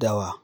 dawa.